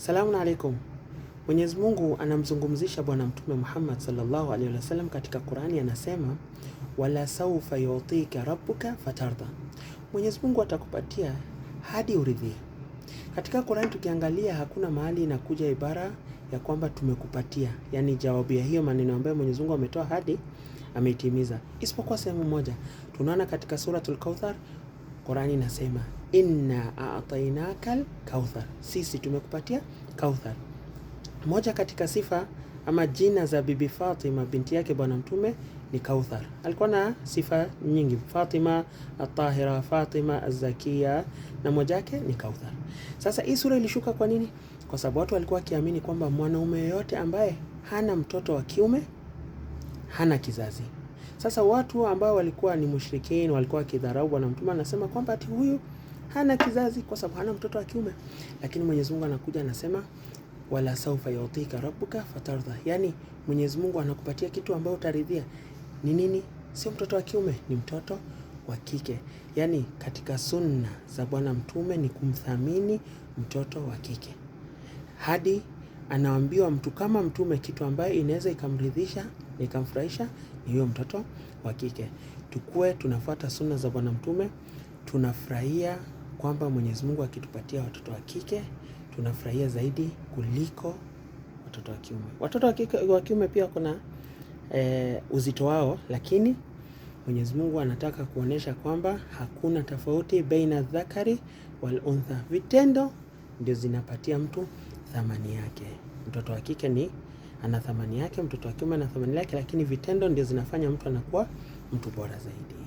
Salamu alaikum. Mwenyezi Mungu anamzungumzisha Bwana Mtume Muhammad sallallahu alaihi wasallam katika Qurani, anasema wala saufa yutika rabbuka fatarda, Mwenyezi Mungu atakupatia hadi uridhie. Katika Qurani tukiangalia, hakuna mahali inakuja ibara ya kwamba tumekupatia, yani jawabu ya hiyo maneno ambayo Mwenyezi Mungu ametoa hadi ameitimiza, isipokuwa sehemu moja. Tunaona katika Suratul Kauthar Qurani inasema inna a'tainakal kauthar, sisi tumekupatia kauthar. Moja katika sifa ama jina za Bibi Fatima binti yake Bwana Mtume ni kauthar. Alikuwa na sifa nyingi, Fatima Atahira, Fatima Azakia, na moja yake ni kauthar. Sasa hii sura ilishuka kwa nini? Kwa sababu watu walikuwa wakiamini kwamba mwanaume yoyote ambaye hana mtoto wa kiume hana kizazi. Sasa watu ambao walikuwa ni mushrikini walikuwa wakidharau Bwana Mtume, anasema kwamba ati huyu hana kizazi kwa sababu hana mtoto wa kiume, lakini Mwenyezi Mungu anakuja anasema wala saufa yutika rabbuka fatardha, yani Mwenyezi Mungu anakupatia kitu ambayo utaridhia. Ni nini? Sio mtoto wa kiume, ni mtoto wa kike. Yani katika sunna za Bwana Mtume ni kumthamini mtoto wa kike hadi anaambiwa mtu kama mtume kitu ambayo inaweza ikamridhisha ikamfurahisha ni huyo mtoto wa kike. Tukue tunafuata sunna za Bwana Mtume, tunafurahia kwamba Mwenyezi Mungu akitupatia watoto wa kike tunafurahia zaidi kuliko watoto wa kiume. Watoto wa kike wa kiume pia kuna e, eh, uzito wao, lakini Mwenyezi Mungu anataka kuonesha kwamba hakuna tofauti baina dhakari wal untha, vitendo ndio zinapatia mtu thamani yake. Mtoto wa kike ni ana thamani yake, mtoto wa kiume ana thamani yake, lakini vitendo ndio zinafanya mtu anakuwa mtu bora zaidi.